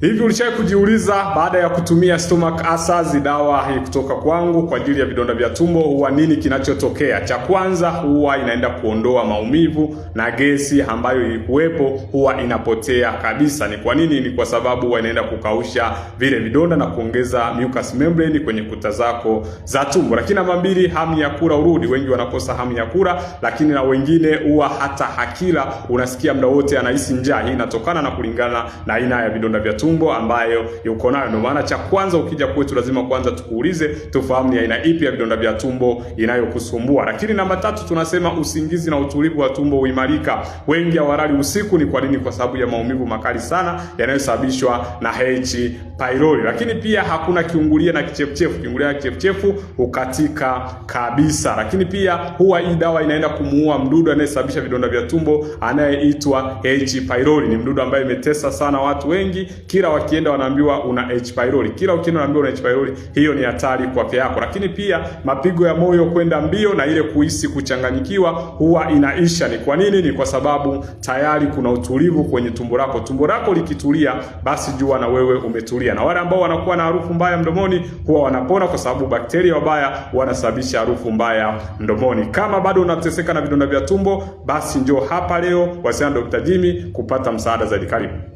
Hivi ulishawahi kujiuliza baada ya kutumia stomach acids dawa hii kutoka kwangu kwa ajili ya vidonda vya tumbo huwa nini kinachotokea? Cha kwanza huwa inaenda kuondoa maumivu na gesi ambayo ilikuwepo huwa inapotea kabisa. Ni kwa nini? Ni kwa sababu huwa inaenda kukausha vile vidonda na kuongeza mucus membrane kwenye kuta zako za tumbo. Lakini namba mbili, hamu ya kula urudi. Wengi wanakosa hamu ya kula, lakini na wengine huwa hata hakila, unasikia muda wote anahisi njaa. Hii inatokana na kulingana na aina ya vidonda vya tumbo matumbo ambayo yuko nayo. Ndio maana cha kwanza ukija kwetu, lazima kwanza tukuulize, tufahamu ni aina ipi ya vidonda vya tumbo inayokusumbua. Lakini namba tatu tunasema usingizi na utulivu wa tumbo huimarika. Wengi hawalali usiku, ni kwa nini? Kwa sababu ya maumivu makali sana yanayosababishwa na H pylori. Lakini pia hakuna kiungulia na kichefuchefu, kiungulia na kichefuchefu hukatika kabisa. Lakini pia huwa hii dawa inaenda kumuua mdudu anayesababisha vidonda vya tumbo anayeitwa H pylori. Ni mdudu ambaye imetesa sana watu wengi kila wakienda wanaambiwa una H pylori, kila ukienda wanaambiwa una H pylori. Hiyo ni hatari kwa afya yako, lakini pia mapigo ya moyo kwenda mbio na ile kuhisi kuchanganyikiwa huwa inaisha. Ni kwa nini? Ni kwa sababu tayari kuna utulivu kwenye tumbo lako. Tumbo lako likitulia, basi jua na wewe umetulia. Na wale ambao wanakuwa na harufu mbaya mdomoni huwa wanapona, kwa sababu bakteria wabaya wanasababisha harufu mbaya mdomoni. Kama bado unateseka na vidonda vya tumbo, basi njoo hapa leo, wasiana Dr. Jimmy kupata msaada zaidi. Karibu.